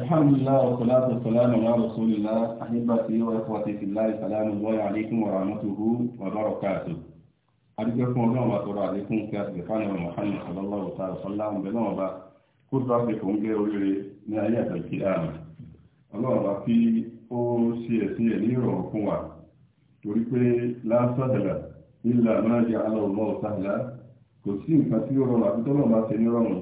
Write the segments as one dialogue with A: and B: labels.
A: الحمد لله والصلاة والسلام على رسول الله أحبتي وإخوتي في الله سلام الله عليكم ورحمته وبركاته أرجوكم الله وترى عليكم كأسبقان ومحمد صلى الله تعالى صلى الله عليه وسلم كل ربكم غير ولي ní ayé àtàkì àmì ọlọ́run bá fi ó ṣe ẹ̀sìn ẹ̀ ní ìrọ̀rùn fún wa torí pé lásàdàlà nílà máa jẹ alọ́ọ̀lọ́ sàdàlà kò sí nǹkan tí ó rọrùn àti tọ́lọ́ bá ṣe ní rọrùn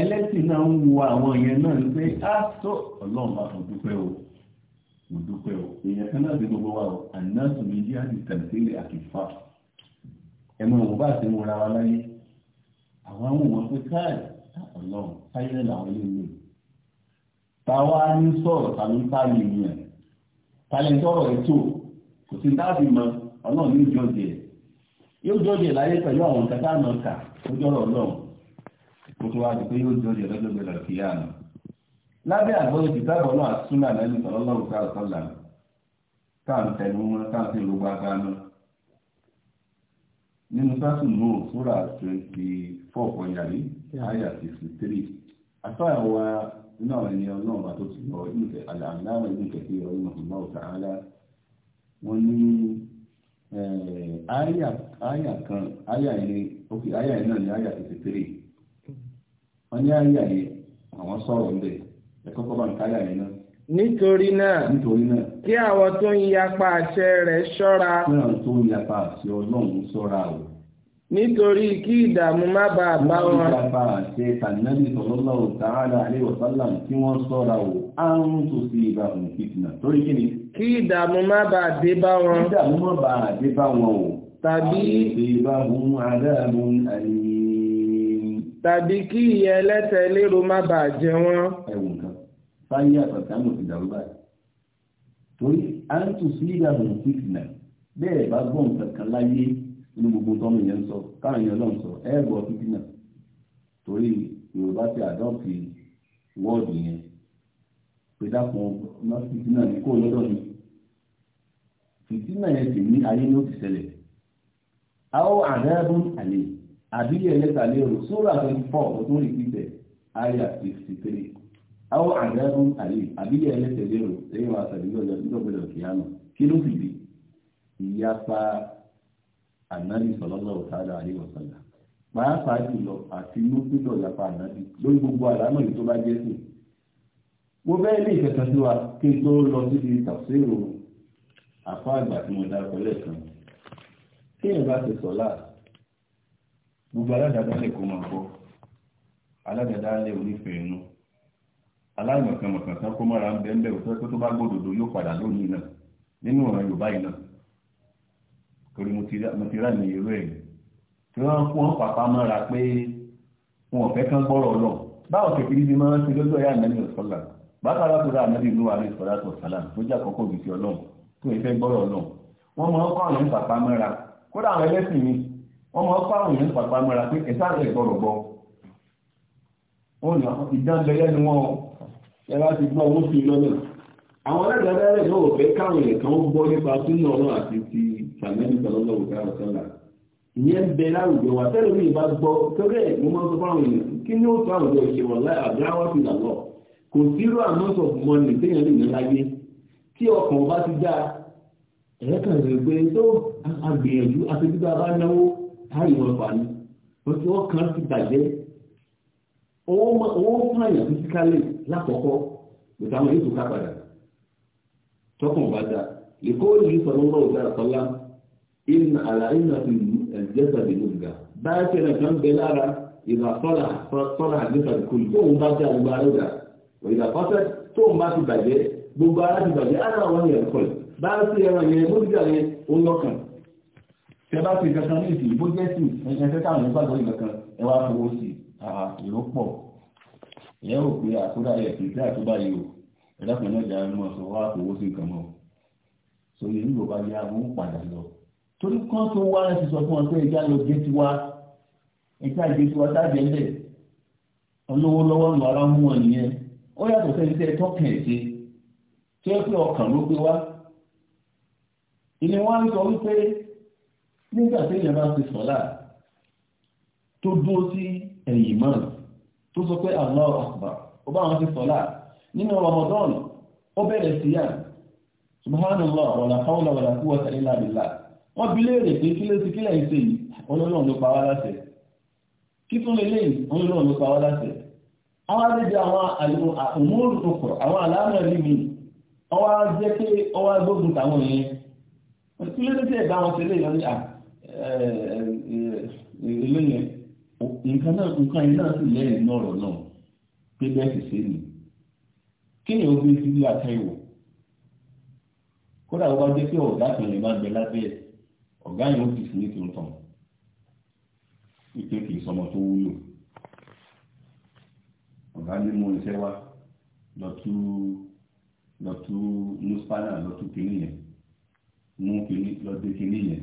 A: ẹlẹ́sìn náà ń wo àwọn yẹn náà ní pé á tó ọlọ́run bá fún dúpẹ́ o mo dúpẹ́ o èèyàn kan náà ti gbogbo wa o àná tòmí jí àti tẹ̀sílẹ̀ àti fà ẹ̀mọ òun bá ti múra wa láyé àwọn àwọn ọmọ pé káàdì ọlọ́run táyé làwọn ilé mi táwa ní sọ̀rọ̀ tàbí táyé mi ẹ̀ táyé sọ̀rọ̀ ètò kò sí dáàbì mọ ọlọ́run ní ìjọ́jẹ̀ yóò jọ́jẹ̀ láyé pẹ̀lú àwọn kẹta náà kà ó jọ́rọ̀ ọlọ́run ó tún wá di pé yóò jọjọ lọ́jọ́ gbẹdọ̀ kíyà nù. lábẹ́ àgbọ̀dọ̀ kìtàbọ̀ náà súnà lẹ́nu sallallahu alaihi wasallam káà ń tẹnu mọ́ fi gbogbo agbánu. nínú sásùn náà sóra twenty four point yàrá àyà sixty three àtọ́yàwó náà ni ọlọ́run bá tó ti lọ ìlúkẹ̀ àlàáńdáwọ̀ ọlọ́run àyà kan àyà náà ni àyà wọ́n ní àyà yẹn àwọn sọ̀rọ̀ ń bẹ̀ ẹ̀kọ́ kọ́ bá ń káyà yẹn náà. nítorí náà nítorí náà kí àwọn tó ń yapa àṣẹ rẹ̀ ṣọ́ra. kí àwọn tó ń yapa àṣẹ ọlọ́run ṣọ́ra o. nítorí kí ìdààmú má bàa bá wọn. wọ́n yapa àṣẹ tànàbí sallallahu ta'ala alaihi wa sallam kí wọ́n ṣọ́ra o àrùn tó sí ibà fìtìnà torí kí ni. kí ìdààmú má bàa dé bá wọn. kí tàbí kí ìyẹ́ ẹlẹ́tẹ̀ lérò má bàa jẹ wọ́n. ẹ̀wù nǹkan fáyé àtọ̀tàmù ti dàrú báyìí torí à ń tù sí ìdàrún fífìnà bẹ́ẹ̀ bá gbọ́ nǹkan kan láyé inú gbogbo tọ́mù yẹn ń sọ káwọn yẹn lọ́n sọ ẹ̀ gbọ́ fífìnà torí Yorùbá ti àdọ́ọ̀tì wọ́ọ̀dù yẹn pé dákun náà fífìnà ní kó lọ́dọ̀ ni fífìnà yẹn sì ní ayé ló ti ṣẹlẹ̀ àwọn àdáyébùn àlè àbílẹ̀ ẹlẹ́tàlérò sóra twenty four ọdún ìpìtẹ̀ àyà sixty three àwọn àdáyébùn àyè àbílẹ̀ ẹlẹ́tàlérò lẹ́yìn wa sàbílẹ̀ ọjọ́ tí lọ́gbẹ̀dọ̀ kìánu kí ló fi dé ìyapa ànábì sọlọ́lọ́ ọ̀tàdà àríwọ̀sọ̀lá pàápàá jùlọ àti lópinlọ̀ ìyapa ànábì lórí gbogbo àlámọ̀ yìí tó bá jẹ́ sùn mo bẹ́ẹ̀ ní ìfẹ̀sán sí wa kí n tó lọ síbi tàfsírò àfọ àgbà tí mo dá pẹ̀lẹ́ kan kí èèyàn bá ti sọ láà gbogbo aládàádálẹ̀ kó máa kọ́ aládàádálẹ̀ onífẹ̀ẹ́ inú aláìmọ̀kànmọ̀kàn tán kó mọ́ra ń bẹ́ẹ̀ bẹ́ẹ̀ òtọ́ tó bá gbòdòdó yóò padà lónìí náà nínú ọ̀ràn Yorùbá yìí náà torí mo ti rà ní irú ẹ̀ tí wọ́n kú wọn pàpà mọ́ra pé wọn ò fẹ́ kán gbọ́rọ̀ lọ báwo kẹ̀kiri ni máa ń ṣe lọ́jọ́ ìyá ànábì ọ̀sọ́là bákàrà tó dá ànábì ìlú àrẹ ìsọ̀lá tó sàlà tó jẹ́ àkọ́kọ́ òbí ti ọlọ́run wọ́n máa fọ́ àwọn èèyàn pàpà mọ́ra pé ẹ̀sà rẹ̀ gbọ́rọ̀ gbọ́ ó nà ìdánbẹ́lẹ́ ni wọ́n ẹ bá ti gbọ́ owó sí lọ́nà àwọn alágbàdáyẹ̀ náà ò fẹ́ káwọn èèyàn kan gbọ́ nípa súnà ọ̀nà àti ti sàmẹ́lì sọlọ́lọ́ òkàrà sọ́là ìyẹn ń bẹ láwùjọ wa tẹ́lẹ̀ mi ìbá gbọ́ torí ẹ̀ mo máa ń sọ fáwọn èèyàn kí ni ó tó àwùjọ ìṣèwà láì àbúráwá fi là lọ kò zero amount of money téèyàn lè ní láyé tí ọkàn bá ti dáa ẹ̀rẹ́ kan rẹ̀ pé tó agbìyànjú àti bí bá bá náwó táyì wọn fà ní oṣù ọkàn ti bàjẹ́ owó pààyàn fisikálì lákọ̀ọ́kọ́ ìtàwọn ètò ká padà tọkàn bá dá ìkó yìí sọ lọ́wọ́ ìdára sọlá ìnà àlàyé náà fi ẹ̀jẹ̀sà dé lóga báyà tẹ̀lé kan bẹ lára ìgbà sọ́là sọ́là àgbẹ̀sà kò tóun bá dá gbogbo ara dà ìgbà pátá tóun bá ti bàjẹ́ gbogbo ara ti bàjẹ́ ara wọn yẹn kọ̀ báyà tẹ̀lé yẹn mọ́tìjà yẹn ó lọ́kàn tẹ bá fi kankan ní ìsìn bó jẹ́ sí ẹ̀ṣẹ́ táwọn èèyàn gbàgbọ́ ìgbàkan ẹ wá fowó sí àà èrò pọ̀ ìyẹn ò pé àkúrà ẹ̀ kì í tẹ́ àtúbà yìí o ẹ̀dá kan náà jáde mọ́ sọ wá fowó sí nǹkan mọ́ so yìí nígbà bá yá wọn padà lọ torí kan tó wá ẹ ti sọ fún ọ pé ẹja lọ gé tiwa ẹja gé tiwa sáàjẹ ńlẹ olówó lọ́wọ́ nù ara mú wọn nìyẹn ó yàtọ̀ sẹ́ni tẹ́ ẹ tọ́kàn ẹ̀ ṣe tí ẹ pé ọkàn ló gbé wá ìní wọn sọ wípé nígbà tí èèyàn bá ti sọ́lá tó dúró sí ẹ̀yìn mọ́ tó sọ pé Allahu Akbar ó bá wọn ti sọ́lá nínú Ramadan ó bẹ̀rẹ̀ sí yàn subhanallah wala hawla wala quwwata illa billah wọ́n bi léèrè pé kí ló ti kílẹ̀ ń ṣe yìí ọlọ́run ló pa wá láṣẹ kí tún lélẹ́yìn ọlọ́run ló pa wá láṣẹ àwọn àdéjọ àwọn àmúrò tó pọ̀ àwọn àlàáfíà rí mi ọwọ́ jẹ́ pé ọwọ́ gbógun tàwọn yẹn kí ló ti ẹ̀ bá wọn ṣe lé ìlọrin àti ilé yẹn nǹkan náà nǹkan yẹn náà sì lẹ́yìn ní ọ̀rọ̀ náà pé bẹ́ẹ̀ sì ṣe nì kéèyàn ó gbé sí ilé àtẹ̀wò kódà wọ́n bá dé pé ọ̀gá kan lè má gbẹ lábẹ́ ẹ̀ ọ̀gá yẹn ó ti sùn ní tòótọ́ ìpè kì í sọmọ tó wúlò ọ̀gá ní mú iṣẹ́ wá lọ́tú lọ́tú nùsùpánà lọ́tú kìnìyẹn mú kìnì lọ́dẹ kìnìyẹn.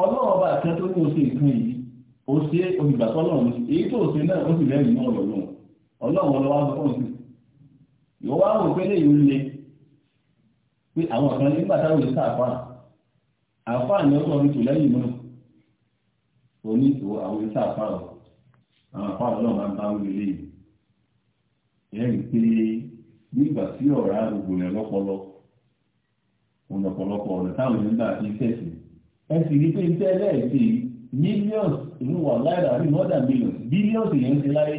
A: ọlọ́run ọba kan tó ní oṣù ìpín yìí ó ṣe olùgbàtọ́ ọlọ́run èyí tó ṣe náà ó sì lẹ́yìn náà ọlọ́run ọlọ́wà sí wá wò pé le pé àwọn nígbà táwọn ìṣe ni ó sọ ní lẹ́yìn náà ó ní ìṣòro àwọn ìṣe àfa àwọn ọlọ́run ẹ sì rí pé iṣẹ́ ẹlẹ́ẹ̀sì millions ìlú wà láìra ní more than millions billions yẹn ń ti láyé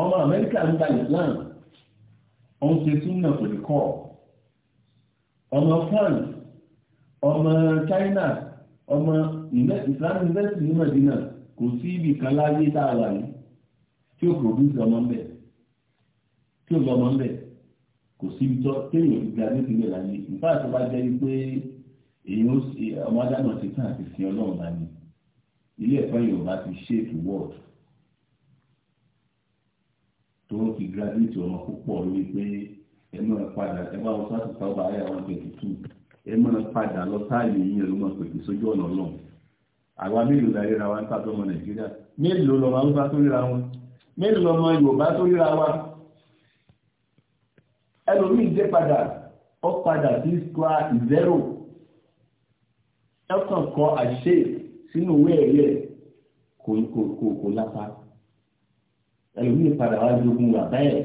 A: ọmọ amẹ́ríkà ń gba Islam ó ń ṣe súnmọ́ kò lè kọ́ ọmọ France ọmọ China ọmọ Islam university ní Medina kò sí ibì kan láyé tá a wà yìí tí ó produce ọmọ ń bẹ̀ tí ó lọ ọmọ ń bẹ̀ kò sí ibi tó téèyàn ti gbà ní ìpínlẹ̀ láyé ìfáàtọ́ bá jẹ́ pé èyí ó sì ọmọ adáná ti tán àti sin ọlọ́run bá ní ilé ẹ̀kọ́ yorùbá ti ṣètò wọ́ọ̀d tó ń fi gíráfíìtì ọmọ púpọ̀ lórí pé ẹ máa padà ẹ bá wọn sáàtì sábà ayé àwọn twenty two ẹ máa padà lọ sáàyè yín ẹ ló máa pèsè sójú ọ̀nà ọlọ́run àwa mélòó la ríra wa ń tàbí ọmọ nàìjíríà mélòó lọmọ haúsá tó ríra wọn mélòó lọmọ yorùbá tó ríra wa ẹlòmíì dé padà ó padà sí square zero ẹ̀kàn kọ àṣẹ sínú ìwé ẹ̀rí ẹ̀ kò kò kò kò lápá ẹlòmíì padà wá jogun bàbá ẹ̀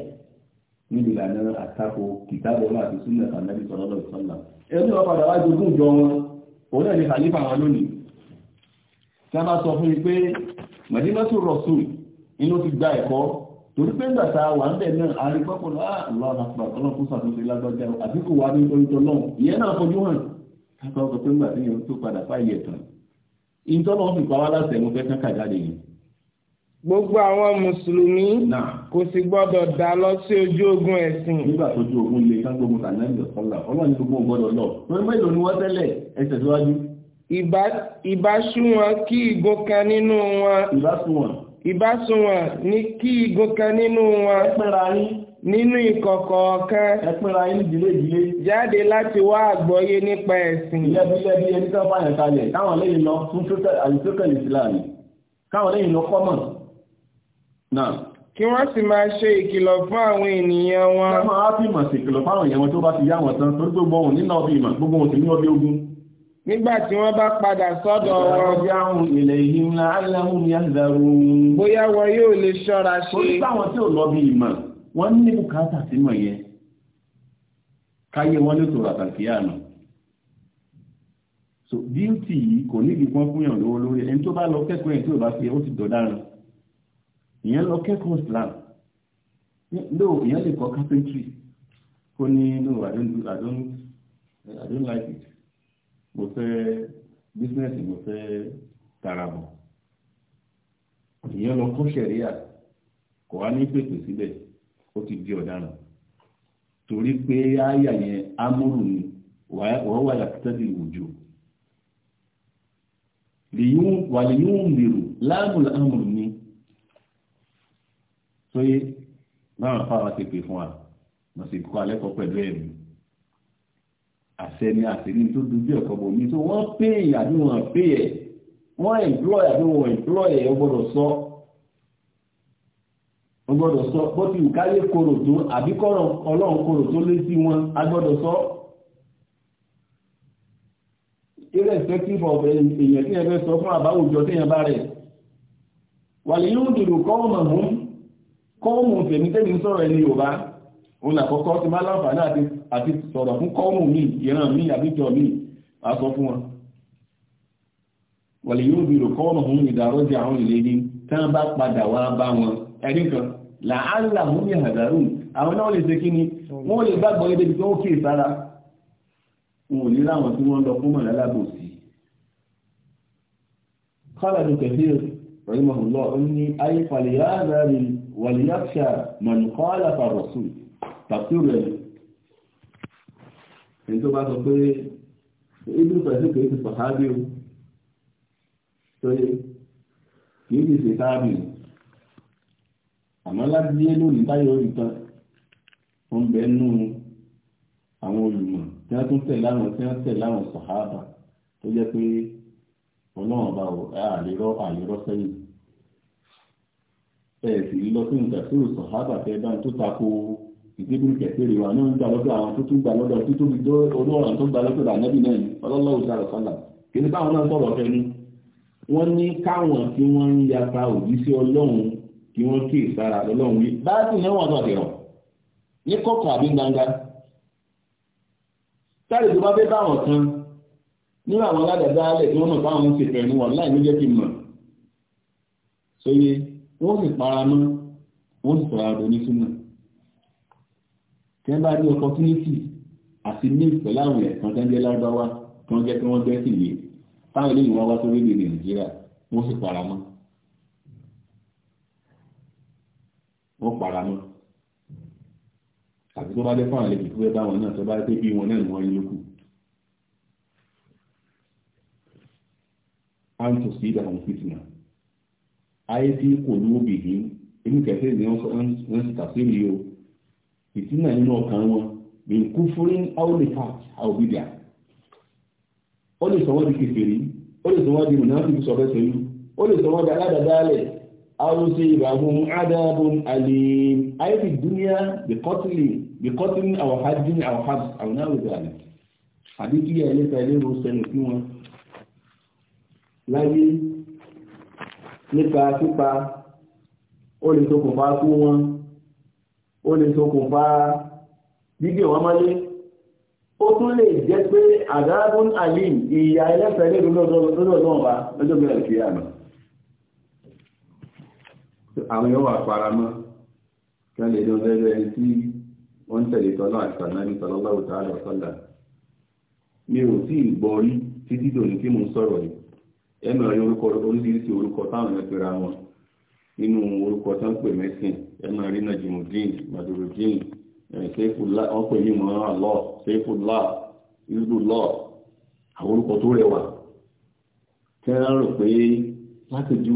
A: níbi ìlànà àtakò kìtàbọ̀ náà àti súnmọ̀ àtàlẹ́bí sọ̀rọ̀ lọ́wọ́ sọ́nà ẹlòmíì wá padà wá jogun jọ wọn òun náà ní kàlífà wọn lónìí tí a bá sọ fún mi pé mẹ̀dínlọ́tò rọ̀sùn inú ti gba ẹ̀kọ́ torí pé nígbà tá a wà ń bẹ̀ náà a rí pọ́pọ́ náà àlọ́ àpapọ̀ ọlọ́run fún sàtúnṣe lágbájá àbíkù wa ní orí tọ́lọ́run ìyẹn náà fojú hàn kápẹ́ ọkọ̀ tó ń gbà sí yẹn tó padà fáyẹ̀ tán ìtọ́nà wọn fi pa wá láti ẹ̀mú fẹ́ káńkà jáde yẹn. gbogbo àwọn mùsùlùmí kò sì gbọ́dọ̀ dá lọ sí ojú ogun ẹ̀sìn. nígbà tó ju ogun lè ká gbogbo kànáńdì ọ̀la ọlọ́run gbogbo gbọ́dọ̀ lọ lórí mẹ́lòó ni wọ́n tẹ́lẹ̀ ẹsẹ̀ síwájú. ìbású wọn kí igun kan nínú wọn. ìbású wọn. ìbású wọn ní kí igun kan nínú wọn. ẹ pẹ́ra yín nínú ìkọ̀kọ̀ ọ̀kan ẹ̀pínra inú ìdílé ìdílé jáde láti wá àgbọ́yé nípa ẹ̀sìn ilẹ̀bílẹ̀bí ẹni tó fàyàn kalẹ̀ káwọn lẹ́yìn lọ fún àìsókèlè ìsìláàmì káwọn lẹ́yìn lọ kọ́mọ̀ náà kí wọ́n sì máa ṣe ìkìlọ̀ fún àwọn ènìyàn wọn káwọn á fi mọ̀ sí ìkìlọ̀ fáwọn èèyàn wọn tó bá ti yá wọn tán torí gbogbo òun nínú ọbí ìmọ̀ gbogbo òun sì ní ọbí ogun nígbà tí wọ́n bá padà sọ́dọ̀ wọn bóyá wọn yóò lè ṣọ́ra ṣe ó sáwọn tí ò lọ bí ìmọ̀ wọ́n ní bùkátà sínú ẹ̀yẹ káyé wọ́n lè tòrò àtàkìyà nù so díútì yìí kò níbi wọ́n fún yàn lówó lórí ẹni tó bá lọ kẹ́kọ̀ọ́ ẹni tó bá fi ó ti dọ̀daràn ìyẹn lọ kẹ́kọ̀ọ́ Islam ló ìyẹn lè kọ́ carpentry kó ní no I don't I don't I don't like it mo fẹ́ business mo fẹ́ tarabọ̀ ìyẹn lọ kọ́ sẹ̀ríà kò wá ní pèsè síbẹ̀. Si ó ti di ọ̀daràn torí pé àyà yẹn amúrù ni wọ́n wà yàtọ̀tẹ̀lì òjò wà lè yún lèrò láàmùlà amúrù ni sóyè báwọn fáwọn ti pè fún wa wọ́n sì kọ́ alẹ́kọ̀ọ́ pẹ̀lú ẹ̀mí àṣẹ ni àṣírí tó dojú ẹ̀kọ́ bò mí tó wọ́n pè é àbí wọ́n pè é wọ́n employ àbí wọ́n employ ẹ̀ ọ gbọ́dọ̀ wọ́n gbọ́dọ̀ sọ bó ti ìkáyé korò tó àbí kọ́rọ̀ ọlọ́run korò tó lé sí wọn a gbọ́dọ̀ sọ irrespective of èèyàn tí ẹ fẹ́ sọ fún àbáwùjọ tí èèyàn bá rẹ̀ wà lè yóò dìrò kọ́ọ̀mù ọ̀hún kọ́ọ̀mù tèmi tèmi sọ̀rọ̀ ẹni yorùbá òun àkọ́kọ́ ti máa láǹfààní àti sọ̀rọ̀ fún kọ́ọ̀mù mi ìran mi àbíjọ mi a sọ fún wọn wà lè yóò dìrò kọ́ọ̀mù ọ̀hún ìdàrọ́jà àwọn ìlérí tí wọ́n bá padà wá bá wọn ẹ̀rí kan làálà mú ní àdàrùn àwọn náà lè ṣe kí ni wọ́n lè gbàgbọ́ ilé ibi tó ń kéè sára wọn ò ní láwọn tí wọ́n lọ fún mọ̀lá lábòsí kọ́làdù kẹfìr rahimahullah ó ní rẹ̀ ní tó àmọ́ ládìyẹ lónìí táyọ̀ ìtàn ó ń bẹ nú àwọn olùmọ̀ tí wọ́n tún tẹ̀ láwọn tí wọ́n tẹ̀ láwọn sàhábà tó jẹ́ pé ọlọ́run ọba ò àlérọ́ àlérọ́ sẹ́yìn ẹ sì lọ sí nǹkan tí ò sàhábà tẹ bá ń tó tako ìdíbùn kẹfẹ́rẹ́ wa náà ń gbà lọ́dọ̀ àwọn tó tún gbà lọ́dọ̀ tó tóbi tó olóòràn tó gbà lọ́dọ̀ ànábì náà ni ọlọ́lọ́wọ́ sára sọ́là kí ni báwọn náà sọ̀rọ̀ fẹ́ ni wọ́n ní káwọn tí wọ́n ń yapa òbí sí ọlọ́run kí wọ́n kí ìsára lọ́lọ́run wí bá sì ní wọ́n náà dẹ̀rọ̀ ní kọ̀kọ̀ àbí gbangba sáré tó bá fẹ́ bá àwọn kan nínú àwọn aládàáda alẹ̀ tí wọ́n mọ̀ báwọn ń ṣèfẹ́ ní wọn láì ní jẹ́ kí n mọ̀ sóye wọ́n sì para mọ́ wọ́n sì sọ̀rọ̀ àdó ní súnmọ́ tẹ́ bá rí opportunity àti mix pẹ̀lú àwọn ẹ̀kan tẹ́ ń jẹ́ lárúbáwá tí wọ́n jẹ́ kí wọ́n bẹ́ yìí táwọn eléyìí wá wá sórí èdè nàìjíríà wọ́n sì para mọ́ wọ́n para mọ́ àti tó bá dé fáwọn àlejò tó fẹ́ bá wọn náà tó bá bí wọn náà wọ́n yín lókù. àǹtò sí ayé tí kò ní òbí yìí inú kẹfẹ́ ni wọ́n o fìtìnà nínú ọkàn wọn bí n kú ó lè sọ wọ́n di ó lè sọ àrùsí ìràhùn adáàbùn àlè àìsí dúníà bìkọ́tìlì bìkọ́tìlì àwọ̀hájín àwọ̀hájí àwọn àwòrán àlè àbí kí ẹlẹ́ta ẹlẹ́rọ sẹ́nu fún wọn láyé nípa pípa ó lè ṣokùnfà kú wọn ó lè ṣokùnfà gbígbé wọn mọ́lé ó tún lè jẹ́ pé àdáàbùn àlè ìyá ẹlẹ́ta ẹlẹ́rọ lọ́dọ̀ lọ́dọ̀ náà wá lọ́jọ́ gbẹ̀rẹ̀ kìí àná àwọn yóò wà paramọ́ kí wọ́n lè dán lẹ́rẹ́ ẹni tí wọ́n ń tẹ̀lé tọ́lá àti sànàbí sallallahu ta'ala wa sallam mi ò tí ì gbọ́ rí títí dòní tí mo ń sọ̀rọ̀ yìí ẹnu orúkọ oríṣiríṣi orúkọ táwọn wọn nínú orúkọ tó ń pè mẹ́sìn ẹnu ẹ̀rí Najimudin Madurudin eh, Saifullah pè mí mọ́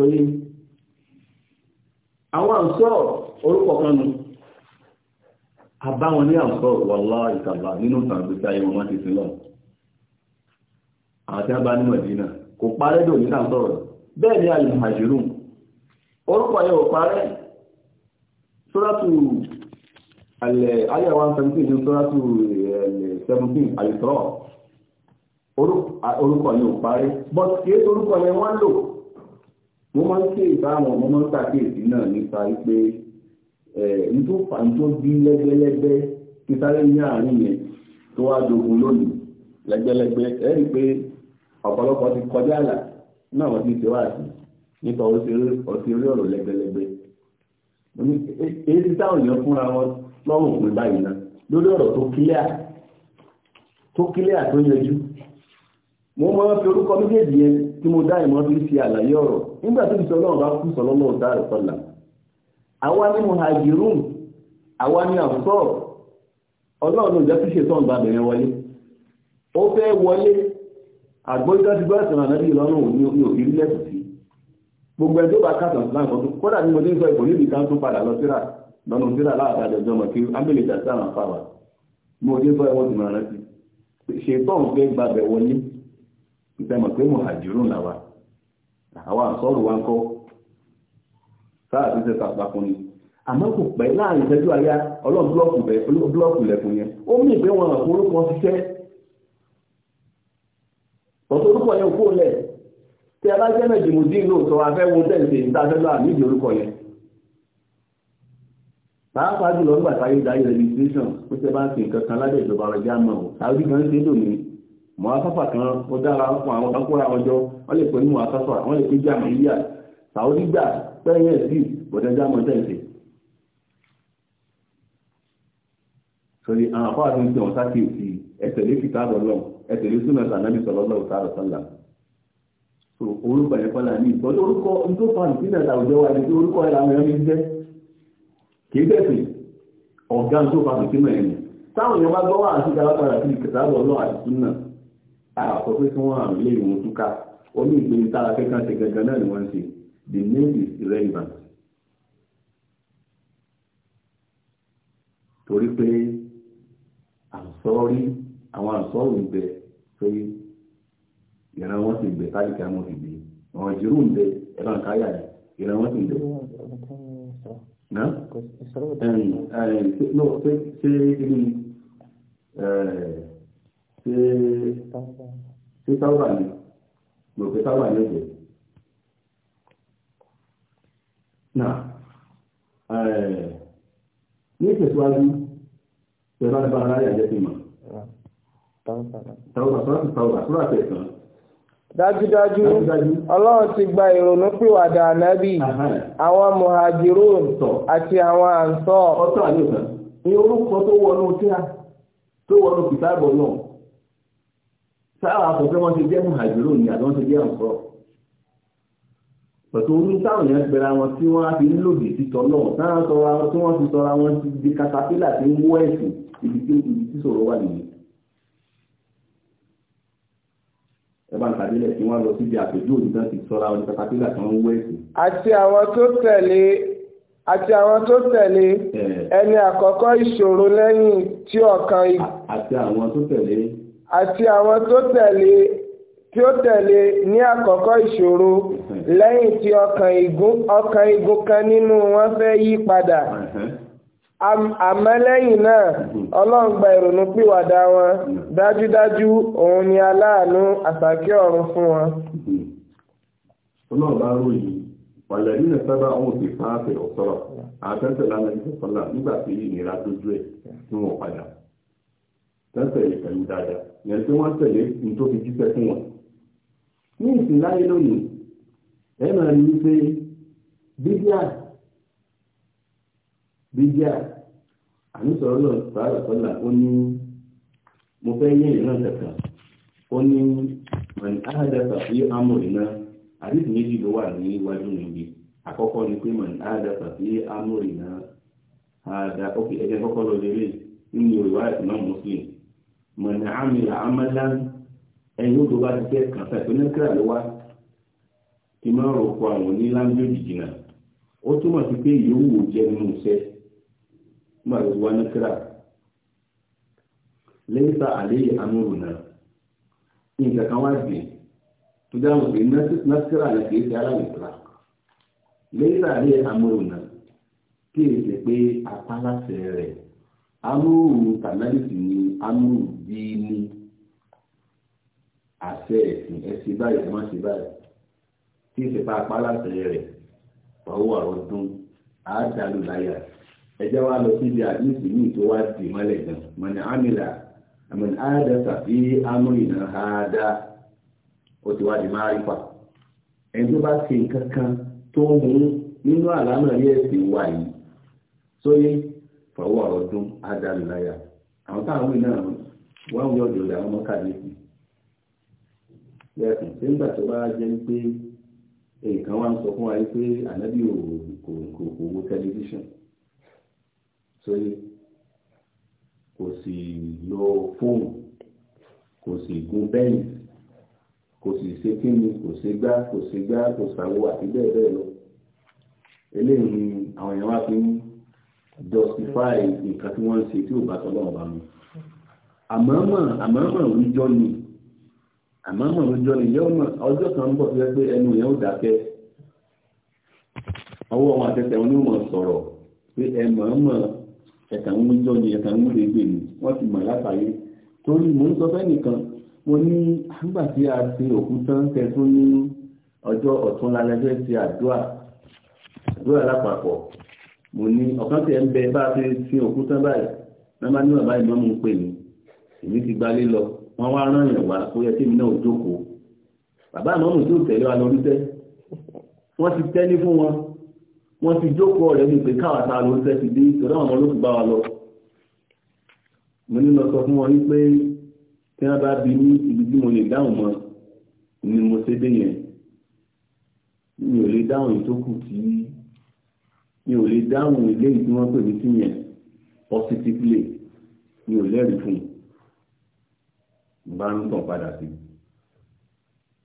A: torí àwọn àǹsọ́ orúkọ kan nù àbáwọn ní àǹsọ́ wọ̀lá ìtàbà nínú ìtàgbésí ayé wọn ti sílọ̀ àti àbá ní Mẹdínà kò parẹ́ dò nínú àǹsọ́ rẹ̀ bẹ́ẹ̀ ni al-muhajirun orúkọ yẹ parẹ́ sóràtù ayé 117 ní sóràtù 17 eh, àìsọ́ orúkọ parẹ́ orúkọ mo máa ń ké ìbáwọn mo máa ń pàkíyèsí náà nípa pé ntòfà tó bí lẹ́gbẹ́lẹ́gbẹ́ títàlẹ́ ní àárín yẹn tó wá dogun lónìí lẹ́gbẹ́lẹ́gbẹ́ ẹ rí i pé ọ̀pọ̀lọpọ̀ ti kọjá àlà náà wọ́n ti ṣe wá sí nípa ọtí orí ọ̀rọ̀ lẹ́gbẹ́lẹ́gbẹ́ èyí e, e, e, táwọn èèyàn fúnra wọn lọ́rùn pé báyìí náà lórí ọ̀rọ̀ tó kílíà tó kílíà tó yanjú mo máa fi orúkọ méjèèjì yẹn tí mo dá ìmọ̀ fi ṣe àlàyé ọ̀rọ̀ nígbà tó ìṣọ́ náà bá kú sọ̀rọ̀ náà dá rẹ̀ sọ́la àwa ní muhajirun àwa ní ọlọ́run ò jẹ́ kí ṣe wọlé ó fẹ́ wọlé ti ànábì rí lẹ́sùn sí gbogbo sọ padà lọ síra lọ́nà síra láàbàdà ìjọba kí ámbélé àwọn afáwà mo ní sọ ti mọ̀ ìtẹ́mọ̀ pé mùhàjírùn làwà àwọn àsọ́rù wa ń kọ́ sáà tí tẹ́ta ni àmọ́ kò pẹ́ láàrin ìtẹ́jú àyá ọlọ́búlọ́ọ̀kù lẹ̀kùn yẹn ó mì pé wọn àpò ṣiṣẹ́ ọ̀tọ̀ yẹn kó lẹ̀ tí a bá jẹ́ mẹ́jì mú dín lóòótọ́ afẹ́ wọn tẹ̀sí ìdájọ́ láàmì ìdí orúkọ yẹn pàápàá jùlọ nígbà táyé dáyé ó bá ń nǹkan kan ìjọba ọ̀rọ̀ mọ̀ásáfà kan ó dára fún àwọn akọ́ra wọn jọ wọ́n lè pẹ́ ní mọ̀ásáfà wọ́n lè pé jàmù ilé sàódì gbà pẹ́yẹ́ sí bọ̀dẹ̀ jàmù tẹ̀sí. sọ̀rọ̀ àwọn afọ́ àti ìṣẹ̀ wọn sáké sí ẹ̀tẹ̀lé kìtàbọ̀ lọ́wọ́ ẹ̀tẹ̀lé súnà sànàmì sọ̀lọ́lọ́wọ́ sáàrọ̀ sọ́là orúkọ yẹn kọ́lá ní ìtọ́jú orúkọ tó fa ìpínlẹ̀ àwùjọ wa ní orúkọ ẹ̀rọ àwọn ẹ̀mí jẹ́ kìí bẹ̀sẹ̀ ọ̀gá tó fa ìpínlẹ̀ ẹ̀mí táwọn èèyàn bá gbọ́ wà àkọ́ pé kí wọ́n àrùn ilé ìwọ̀n túká ó ní ìpinnu tára pé kán ṣe gangan náà ni wọ́n ń ṣe the name is irrelevant. torí pé àǹsọ́rí àwọn àǹsọ́rù ń bẹ pé ìran wọn ti gbẹ táyìká wọn ti gbé àwọn ìṣirò ń bẹ ẹ̀rọ káyà ìran wọn ti gbẹ. Ná ṣé ṣé ṣé ṣé ṣé táwà ni mo pé táwà ni eh, ní ìtẹ̀síwájú pẹ̀lú àdìbára láyé àjẹsìn mọ̀ táwà sọ́ra ti táwà sọ́ra tẹ̀sán dájúdájú ọlọ́run ti gba ìrònú pìwàdà ànábì àwọn muhajirun àti àwọn ọtọ orúkọ tó wọnú tó sáà àpò pé wọ́n ti jẹ́ mùhàjúrò ní àdán ti jẹ́ ọ̀pọ̀ pẹ̀tù orí táwọn èèyàn pẹ̀lú àwọn tí wọ́n á fi ń lòdì sí tọ́lọ̀ náà sọra wọn tí wọ́n ti sọra wọn ti di katapila tí ń wọ́ ẹ̀sìn ibi tí ibi tí sọ̀rọ̀ wà nìyí. ẹ bá ń tàbílẹ̀ tí wọ́n lọ síbi àpèjú òní náà ti sọra wọn di katapila tí wọ́n ń wọ́ ẹ̀sìn. àti àwọn tó tẹ̀lé àti àwọn tó tẹ̀lé ẹni àkọ́kọ́ ìṣòro lẹ́yìn tí ọ̀kan. àti àti àwọn tó tẹ̀lé tí ó tẹ̀lé ní àkọ́kọ́ ìṣòro lẹ́yìn tí ọkàn igun kan nínú wọn fẹ́ yí padà àmọ́ lẹ́yìn náà ọlọ́run gba ìrònú pìwàdà wọn dájúdájú òun ni aláàánú àsàkí ọ̀run fún wọn. ọlọ́run bá ròyìn wàlẹ̀ nínú sábà òun sì fáfẹ́ ọ̀sọ́rọ̀ àtẹ́tẹ̀ lánàá ìfọ̀sọ́lá nígbà tí ìnira dojú ẹ̀ tí wọ́n padà tán tẹ̀lé pẹ̀lú dada yẹn tí wọ́n tẹ̀lé ní tó fi jíṣẹ́ fún wọn. ní ìsìn láyé lónìí ẹ máa rí pé bíbíà bíbíà àníṣọ́rọ́ náà sàárà sọ́là ó ní mo fẹ́ yé ìran kankan ó ní mọ̀n áhàdàfà sí amòrìnà àdìsí méjì ló wà ní iwájú níbi àkọ́kọ́ ni pé áhàdàfà sí àdá kọ́kọ́ lọ nínú mọ̀nà amịrị àmàlà ẹ̀yìn tó bá ti fẹ́ kàfẹ́ ìpínlẹ̀kìrà ló wá ti máa ń rọ̀pọ̀ àwọn oníláńdó jìjìnà ó túmọ̀ sí pé ìyówù jẹ́ nínú iṣẹ́ nígbà tó wá ní kíra lẹ́yìnta àléyé amúrù nǹkan kan wá gbìn tó dáhùn pé násìkìrà ni kì í ṣe àléyé pé apá láṣẹ rẹ̀ dínì àṣẹ ẹ̀sìn ẹ̀sìn báyìí má ṣe báyìí tí ìṣèpá apá láti rẹ̀ ọwọ́ ọdún àádálù láyà ẹjẹ́ wa lọ síbi àdínsì ní ìtò wá dì mọ́lẹ̀ gan mọ̀nà àmìlà àmìlà àádá tàbí amúrìnà àádá ó ti wá di máa rí pa ẹni tó bá ṣe nǹkan kan tó ń mú nínú yìí sóyè fọwọ́ ọdún wọ́n ń yọ̀dọ̀ làwọn ọmọ kàdéfì lẹ́ẹ̀kan pé nígbà tó bá jẹ́ pé nǹkan wá ń sọ fún wa yìí pé ànábì ò kò kò kò wo tẹlifíṣàn sórí kò sì lo fóònù kò sì gun bẹ́yìn kò sì ṣe kíni kò ṣe gbá kò ṣe gbá kò ṣàwo àti bẹ́ẹ̀ bẹ́ẹ̀ lọ eléyìí ni àwọn èèyàn wá fi ń justify nǹkan tí wọ́n ń ṣe tí ò bá tọ́lọ́mọba mu àmọ́mọ́ àmọ́mọ́ òwújọ́ ni àmọ́mọ́ òwújọ́ ni yóò mọ̀ ọjọ́ kan ń bọ̀ tó yẹ pé ẹnu yẹn ó dákẹ́ ọwọ́ wọn àtẹ̀tẹ̀ wọn ni ó mọ̀ sọ̀rọ̀ pé ẹ mọ̀ọ́mọ̀ ẹ̀ka ń wújọ́ ni ẹ̀ka ń wúlé gbè ni wọ́n ti mọ̀ látàyè torí mò ń sọ fẹ́nìkan mo ní nígbà tí a ṣe òkú tán kẹtún ní ọjọ́ ọ̀tún lálẹ́fẹ́ ti àdúrà àdúrà lápapọ̀ mo ní ọ̀kan tẹ̀ ń bẹ bá a ṣe sin òkú báyìí lọ́mọ ní bàbá ìmọ̀ mú pè mí èmi ti gbalé lọ wọ́n wá rán yàn wá kó yẹ kémi náà jókòó bàbá àmọ́mù tó tẹ̀lé wa lórí tẹ́ wọ́n ti tẹ́lé fún wọn wọ́n ti jókòó rẹ̀ ní pé káwa ta ló tẹ́ ti dé torí àwọn ọmọ ló ti bá wa lọ mo ní lọ sọ fún wọn wípé tí wọ́n bá bi ní ibi tí mo lè dáhùn mọ́ ni mo ṣe dé yẹn mi ò lè dáhùn ìtókù tí mi ò lè dáhùn ilé ìdí wọn pè mí sí yẹn positively mi ò lẹ́rìí fún un bá ń tàn padà sí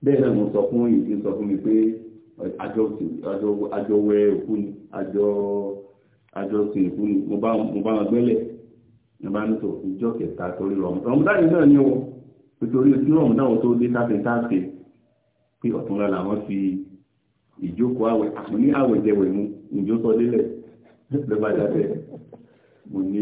A: bẹ́ẹ̀ náà mo sọ fún yìí tí sọ fún mi pé àjọ wẹ òkú ni àjọ sí òkú ni mo bá wọn gbẹ́lẹ̀ ní bá ń tò ìjọ kẹta torí rọmọdán rọmọdán náà ni wọn nítorí tí rọmọdán tó dé táfẹ́ táfẹ́ pé ọ̀túnla làwọn fi ìjókòó àwẹ̀ àmì ní àwẹ̀ jẹwẹ̀ mú ìjókòó délẹ̀ lọ́ba jáde mo ní.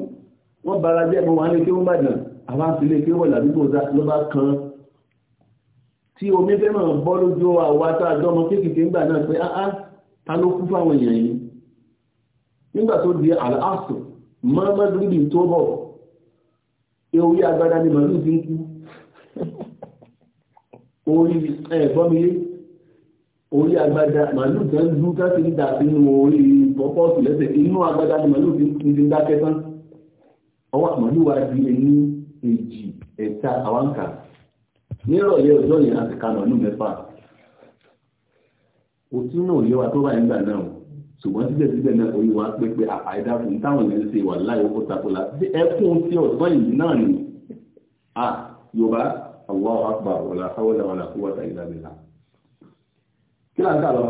A: wọ́n bára jẹ́ ẹ̀mọ́ wọn lé kí wọ́n bàjàn àwọn àfilé kí wọ́n làdúgbò ló bá kan tí omi fẹ́ máa bọ́ lójú àwọn àtàjọ́ ọmọ kéékèèké ńgbà náà pé áá ta ló kú fáwọn èèyàn yìí nígbà tó di àlàáfò mohammed rubin tó bọ̀ ewé agbada ni màlúù ti ń kú orí ẹ̀gbọ́mìlé orí agbada màlúù tẹ́ ń dún tẹ́sí ń dà sínú orí pọ́pọ́ọ̀sì lẹ́sẹ̀ inú agbada ni màlúù ti ń dákẹ́ tán màlúwà di ẹni èjì ẹ̀ta àwọn kà nírọ̀lẹ́ ọjọ́ yẹn a ti ka màlúù mẹ́fà òtún náà yẹ wa tó bá yẹn gbà náà ṣùgbọ́n síbẹ̀síbẹ̀ náà orí wa pé pé àìdá fún táwọn yẹn ṣe wà láì owó takola ẹkún tí ọ̀sán yìí náà ni a yorùbá Allahu akbar wala hawla wala quwwata illa billah kí là ń kà lọ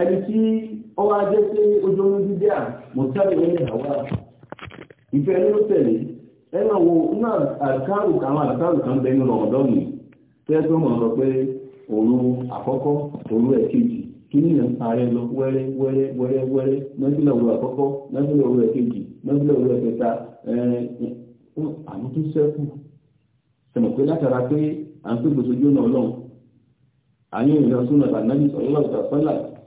A: ẹni tí ọwọ́ ajé sí ojú omi dídí à mọ̀tàbí ní àwa ìfẹ́ nínú tẹ̀lé ẹnà wo náà àkárù àwọn àkárù kan bẹ nínú ọ̀dọ́ mi tẹ́ tó mọ̀ lọ pé òru àkọ́kọ́ òru ẹ̀kejì kí ni ìyẹn parí lọ wẹ́rẹ́ wẹ́rẹ́ wẹ́rẹ́ wẹ́rẹ́ mẹ́sílẹ̀ òru àkọ́kọ́ mẹ́sílẹ̀ òru ẹ̀kejì mẹ́sílẹ̀ òru ẹ̀kẹta sẹ́kù sẹ̀mọ̀ pé látara pé à ń pè gbèsè ọlọ́run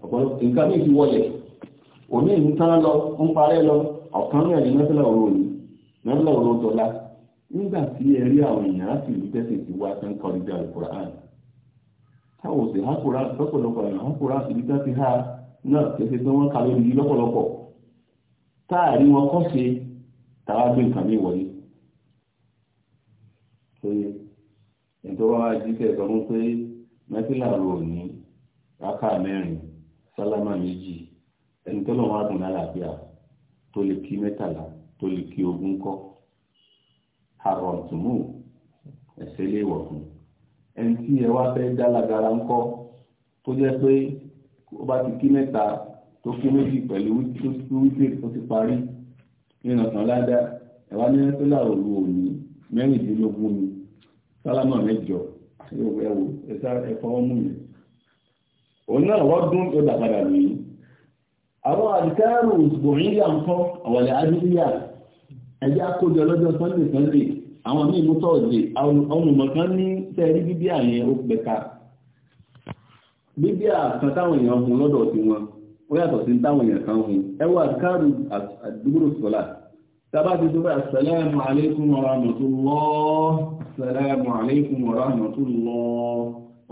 A: ọ̀pọ̀lọpọ̀ nǹkan méjì wọlé òní ìlú tán lọ ń parẹ́ lọ ọ̀kan náà ní mẹ́fẹ́lá òru òní mẹ́fẹ́lá òru dọ́là nígbà tí ẹ rí àwọn èèyàn láti ìlú tẹ́sí ti wá tán kọ́ nígbà alukur'an táwọn òsè hakura lọ́pọ̀lọpọ̀ ẹ̀yàn hakura ìlú tẹ́sí ha náà tẹ́sí tí wọ́n kàwé yìí lọ́pọ̀lọpọ̀ táàrí wọn kọ́ ṣe tàwa gbé nǹkan mi wọlé nítorí wọn wá jí kẹ́ ẹ̀ sọ fún pé mẹ́fẹ́lá òru òní rákà mẹ́rin sálámà méjì ẹni tó lọ́wọ́ àdùn lálàáfíà tó lè kí mẹ́tàlá tó lè kí ogún kọ́ àrọ̀tùmù ẹ̀sẹ̀ lè wọ̀ fún ẹni tí ẹ wá fẹ́ dálágara ń kọ́ tó jẹ́ pé ó bá ti kí mẹ́ta tó kí méjì pẹ̀lú wípé tó ti parí nínú ọ̀sán ládàá ẹ̀wá ní ẹ́sẹ̀lá òru òní mẹ́rìndínlógún ni sálámà mẹ́jọ ẹ̀fọ́ ọmú yẹn. òun náà rọ́dún tó dàgbàdà lóyún àwọn àdìkáàrù òṣùgbòmíyà ń kọ́ ọ̀wọ̀lẹ̀ adúlíyà ẹjẹ́ àkójọ lọ́jọ́ sunday sunday àwọn míì mú tọ́ọ̀dẹ̀ ọmọọmọkan ní tẹ́rí bíbíà yẹn kan kan hun assalamu alaikum assalamu alaikum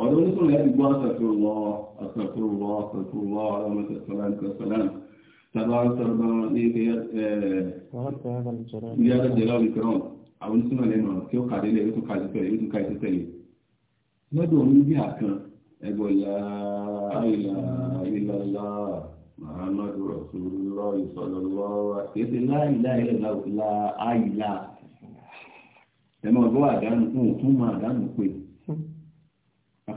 A: ọ̀dọ́ oníkùnrin láti gbọ́ àṣàkúrò lọ àṣàkúrò الله، àṣàkúrò الله، ọlọ́mọdé sọ̀rọ̀ sọ̀rọ̀ tàbá sọ̀rọ̀ ní ilé ẹ̀rọ jẹ́lá olùkọ́rọ̀ àwọn oníṣúná lẹ́nu tí ó kàdé lẹ́yìn tó kàdé tẹ̀lé tó kàdé tẹ̀lé lọ́dọ̀ òun bí àkàn ẹgbọ̀ ìlà ìlà ìlà ìlà Muhammadu Rasulullah ìsọ̀lọ́lọ́ àti láìlá ìlà ìlà àìlà ẹ̀mọ̀ ọgbọ́ àdánù fún òtún máa àdánù pé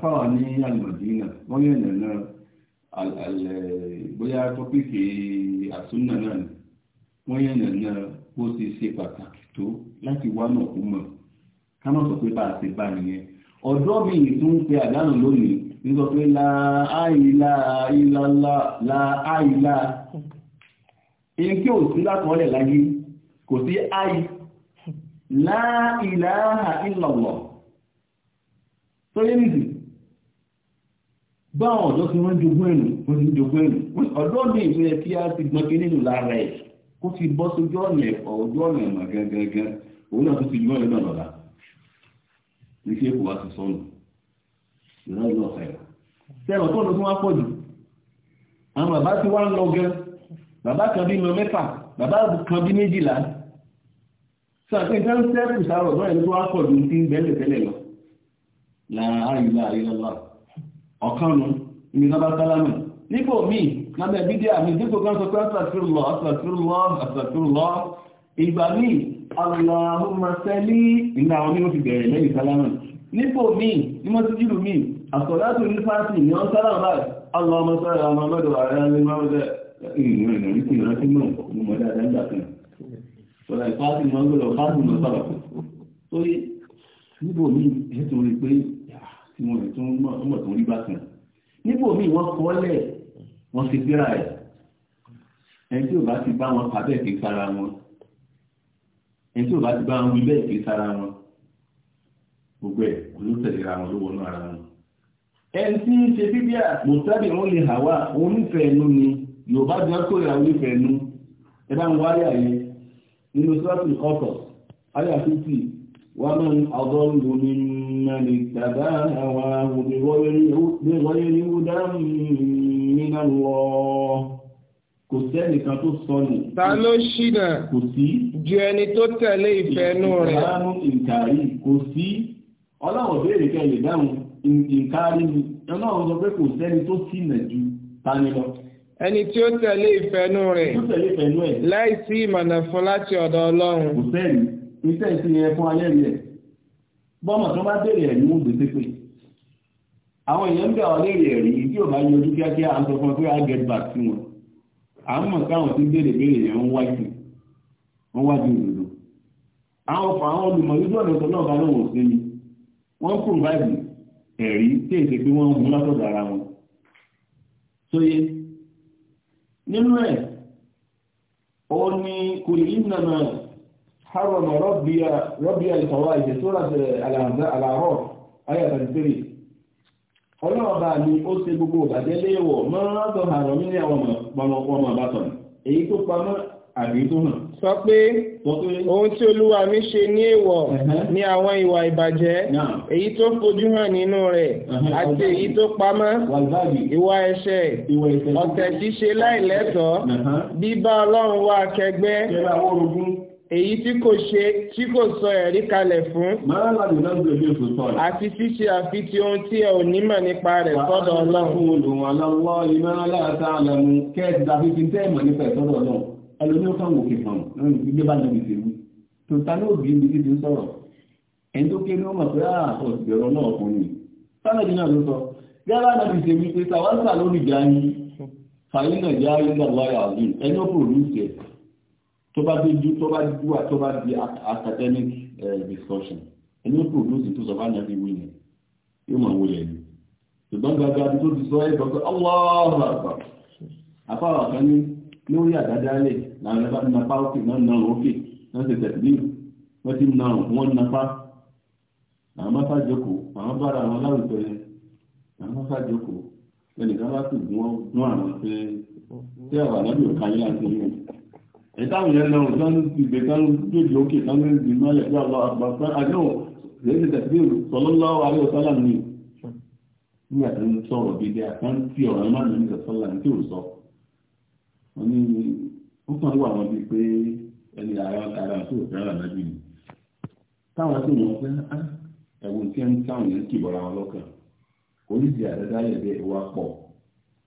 A: afáwà ní alimọ̀dínà wọ́n yẹn nàná bóyá tọ́pìkì àsúnà náà ni wọ́n yẹn nàná bó ti ṣe pàtàkì tó láti wá náà kú mọ̀ ká má sọ pé bá a ti bá nìyẹn ọ̀dọ́ mi tún pe àdánù lónìí nígbà pé láàáìláàílá in kí ò sí látọ̀ọ́lẹ̀ láyé kò sí àì láàáìláà ìlọ̀lọ̀ tó yé nìdí báwọn ọ̀dọ́ fi wọ́n jogún ẹ̀nù wọ́n ti jogún ẹ̀nù ọ̀dọ́ ní ìfẹ́ tí a ti gbọ́n kí nínú lára ẹ̀ kó fi bọ́ sójú ọ̀nà ẹ̀kọ́ ojú ọ̀nà ẹ̀mọ̀ gẹ́gẹ́gẹ́ òun náà tó ti yọ́ ẹ̀nà lọ́la ní kí èkó wá ti sọnù ìrọ̀ ìlú ọ̀fẹ́ rẹ̀ sẹ́wọ̀n tó lọ fún wa pọ̀ jù àwọn bàbá tí wọ́n ń lọ gan bàbá kan bí mọ mẹ́fà bàbá kan bí méjìlá sọ àti ìtàn ọ̀kánu ibi náà bá sálámù nípò míì lábẹ́ bídí àmì dípò kan sọ pé astaghfirullah astaghfirullah astaghfirullah ìgbà míì Allahumma salli ìgbà àwọn onímọ̀ ti bẹ̀rẹ̀ lẹ́yìn sálámù nípò míì ní mọ́síjìlù míì àsọ̀látò ní fásitì ní ọ́n sálámù báyìí Allahumma salli àwọn ọmọdé wà rẹ̀ ní mọ́mọdé ìrìn ìrìn ìrántí náà mo mọ̀ dáadáa nígbà kan sọ̀rọ̀ ìfásitì mọ́ngọ́lọ̀ fásitì mọ́ tí mo rìn tó mọ̀ tó rí bákan níbo mi wọ́n kọ́ lẹ̀ wọ́n ti gbéra ẹ̀ ẹni tí ò bá ti bá wọn pa bẹ́ẹ̀ kì í sára wọn ẹni tí ò bá ti bá wọn wí bẹ́ẹ̀ kì í sára wọn gbogbo ẹ̀ kò ló tẹ̀lé ara wọn ló wọnú ara wọn. ẹni tí ń ṣe bíbí àpòtábì wọn lè hà wá onífẹ̀ẹ́ ẹnu ni yorùbá jọ kórìíra onífẹ̀ẹ́ ẹnu ẹ bá ń wáyà yẹn nínú sọ́ọ̀tì ọkọ̀ ayé àfíìsì ومن أضل ممن اتبع هواه بغير هدى من الله kò sí ẹnìkan tó sọnù. ta ló ṣìnà kò sí. ju ẹni tó tẹ̀lé ìfẹ́nú rẹ̀. ìfẹ́nú ìkàrí kò sí. ọlọ́run béèrè kẹ́ lè dáhùn ìkàrí ni ọlọ́run sọ pé kò sẹ́ni tó ṣìnà ju tani lọ. ẹni tí ó tẹ̀lé ìfẹ́nú rẹ̀. tó tẹ̀lé ìfẹ́nú ẹ̀. láì ìmọ̀nà fún láti ọ̀dọ̀ ọlọ́run. kò sẹ́ni iṣẹ́ ìṣe yẹn fún alẹ́ rí ẹ̀ bọ́mọ̀ tó bá bèrè ẹ̀rí mú gbèsè pé àwọn èèyàn ń bẹ̀ ọ́ léèrè ẹ̀rí tí ò bá yọjú kíákíá à ń sọ fún ẹ pé á get back sí wọn à ń mọ̀ káwọn tí bèrè bèrè yẹn ń wáìsì wọ́n wá ju òdòdó àwọn ọkọ̀ àwọn olùmọ̀ yóò dọ̀dọ̀ tó náà bá lóun ò sí ni wọ́n provide ẹ̀rí tí èsè pé wọ́n mú látọ̀dọ̀ ara wọn sóye nínú ẹ̀ ó ní kùnìyàn náà حرم ربي ربي الفواحش سورة الأعراف آية 33 ọlọ́run bá mi ó ṣe gbogbo ìbàjẹ́ léèwọ̀ mọ́rán tó hàrọ̀ nílé àwọn ọmọ àbátan èyí tó pamọ́ àbí tó hàn. sọ pé ohun tí olúwa mi ṣe ní èèwọ̀ ni àwọn ìwà ìbàjẹ́ èyí tó fojú hàn nínú rẹ̀ àti èyí tó pamọ́ ìwà ẹ̀ṣẹ̀ ọ̀tẹ̀ ṣíṣe láìlẹ́tọ̀ọ́ bíbá ọlọ́run wá akẹgbẹ́ èyí tí kò ṣe tí kò sọ ẹ̀rí kalẹ̀ fún àti ṣíṣe àfi ti ohun tí ẹ ò nímọ̀ nípa rẹ̀ sọ́dọ̀ ọlọ́run ẹni tó kéré ọmọ pé ààtọ̀ ìbẹ̀rọ náà ọkùnrin sáàlẹ̀dì náà ló sọ gẹ́gẹ́ náà ti ṣe wípé tàwátà lórí ìjà yìí fàyínà jẹ́ àrídàwáyà àdúrà ẹni ó pòrò ní ìṣẹ́ tó bá dojú tó bá dú wa tó bá di academic eh, discussion ẹni ó produce tó sọ fáwọn ẹbí wíyẹn yóò máa wọlé ẹni ṣùgbọ́n gbàgbà tó ti sọ ẹ̀ dọ́kọ̀ ọlọ́ọ̀rọ̀ àgbà àfáwà kan ní lórí àdádálẹ̀ làwọn ẹbá napa òkè náà na òkè náà ṣe tẹ̀lé wọ́n ti na wọ́n napa àwọn máfà jókòó àwọn bára àwọn láwùjọ yẹn àwọn máfà jókòó ẹnìkan bá sì gún àwọn pé tí àwọn àlábì ò ìtàwọn yẹn lọ́rùn tán ìgbè tán lójú òkè tán ní ìgbè mọ́lẹ̀ bí àwọn àgbàfẹ́ àdéhùn lẹ́sẹ̀ tẹ̀sí sallallahu alaihi wasallam ní nígbà tí ń sọ̀rọ̀ bí dé àkáǹtì ọ̀rọ̀ ẹ̀mọ́ ní ìgbà sọ́lá ní tí ò sọ. wọ́n ní ó kàn wà wọ́n bíi pé ẹni ara ara tó ò fẹ́ràn lájú ni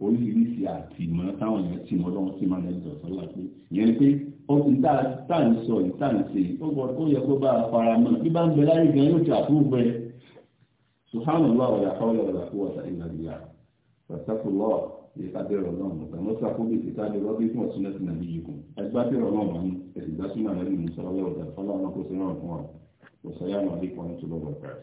A: oríṣiríṣi àtìmọ́ táwọn èèyàn tì mọ́ lọ́wọ́ sí máa ń lọ sọ́lá pé ìyẹn pé ó ti tá à ń sọ yìí tá à ń ṣe ó gbọ́ ó yẹ kó bá a fara mọ́ bí bá ń bẹ láyé gan yóò ti àtúgbẹ sùhánù lọ àwọn ìyàkọ́ ọ̀rọ̀ ọ̀rọ̀ àkó wọ̀ta ìlà ìyá pàtàkì lọ yẹ ká bẹ̀rẹ̀ ọlọ́run ọ̀tà mọ́sá kó bèèrè ká bẹ̀rẹ̀ ọdún fún fún wa kò sọ yá